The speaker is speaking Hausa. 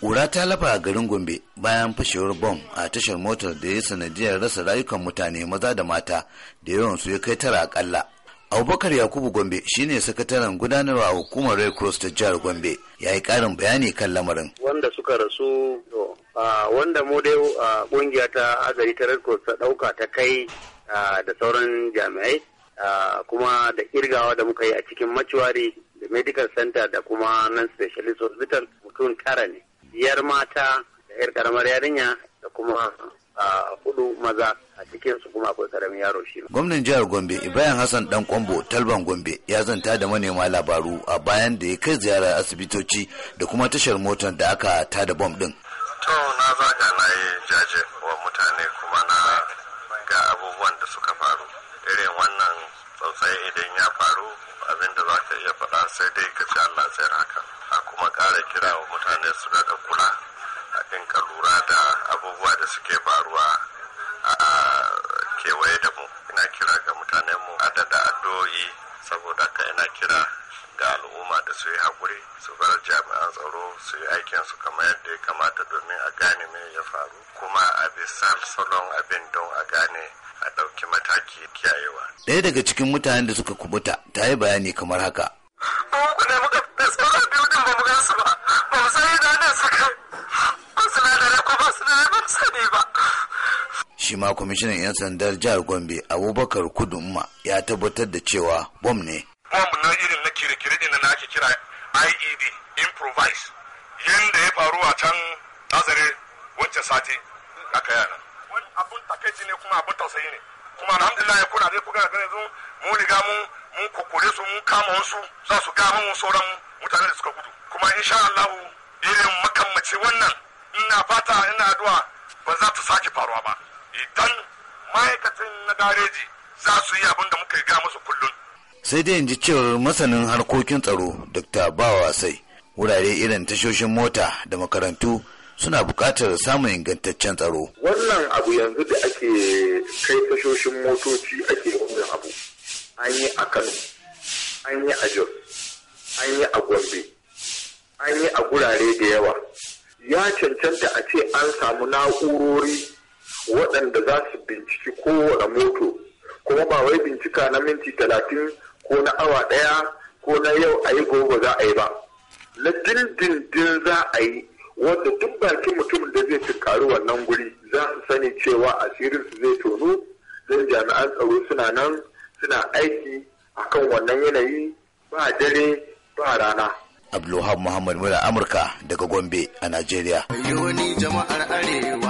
Ƙura ta lafa a garin Gombe bayan fashewar bom a tashar motar da ya sanadiyar rasa rayukan mutane maza da mata da yawansu ya kai tara akalla. Abubakar Yakubu Gombe shine sakataren gudanarwa a hukumar Red Cross ta jihar Gombe ya yi ƙarin bayani kan lamarin. Wanda suka rasu wanda mu dai ƙungiya ta azari ta Red Cross ta ɗauka ta kai da sauran jami'ai kuma da kirgawa da muka yi a cikin da da medical center da kuma nan specialist hospital mutum tara ne. biyar mata da yar karamar yarinya da kuma hudu maza a cikin su kuma akwai karamin yaro shi gwamnan jihar gombe ibrahim hassan dan kwambo talban gombe ya zanta da manema labaru a bayan da ya kai ziyarar asibitoci da kuma tashar motar da aka da bom din to na zaga na yi jaje wa mutane kuma na ga abubuwan da suka faru irin wannan tsautsayi idan ya faru abinda za ka iya faɗa sai dai ka ci allah sai haka kira wa mutane su daɗa kula a dinka lura da abubuwa da suke faruwa a kewaye da mu ina kira ga mutane mu adada addu'o'i saboda ka ina kira ga al'umma da su yi haƙuri su bar jami'an tsaro su yi aikin su kamar yadda ya kamata domin a gane me ya faru kuma a bisa salon abin don a gane a ɗauki mataki kiyayewa. Ɗaya daga cikin mutanen da suka kubuta ta yi bayani kamar haka. shi ma kwamishinan 'yan sandar jihar gombe abubakar kudumma ya tabbatar da cewa bom ne bom na irin na kire-kire na ake kira ied improvise yadda ya faru a can nazare wancan sati haka yana wani abun takaici ne kuma abun tausayi ne kuma alhamdulillah kuna zai kuka gane yanzu mun riga mun mun kokore su mun kama wasu za su gama mun sauran mutane da suka gudu kuma insha Allah irin makamaci wannan ina fata ina addu'a ba za ta sake faruwa ba idan ma'aikatan na gareji za su yi abin da muka ga musu kullum. sai dai in ji cewar masanin harkokin tsaro dr bawa sai wurare irin tashoshin mota da makarantu suna buƙatar samun ingantaccen tsaro. Wannan abu yanzu da ake kai tashoshin motoci ake wannan abu. An yi a Kano, an yi a Jos, an yi a Gombe, an yi a gurare da yawa. Ya cancanta a ce an samu na'urori waɗanda za su binciki kowane moto kuma ba wai bincika na minti talatin ko na awa ɗaya ko na yau a yi gobe za a yi ba na dindindin za a yi wanda duk bakin mutum da zai fi tunkari wannan guri za su sani cewa asirin su zai tonu don jami'an tsaro suna nan suna aiki akan wannan yanayi ba dare ba rana Abdulwahab Muhammad Mura Amurka daga Gombe a Najeriya. Yoni jama'ar Arewa.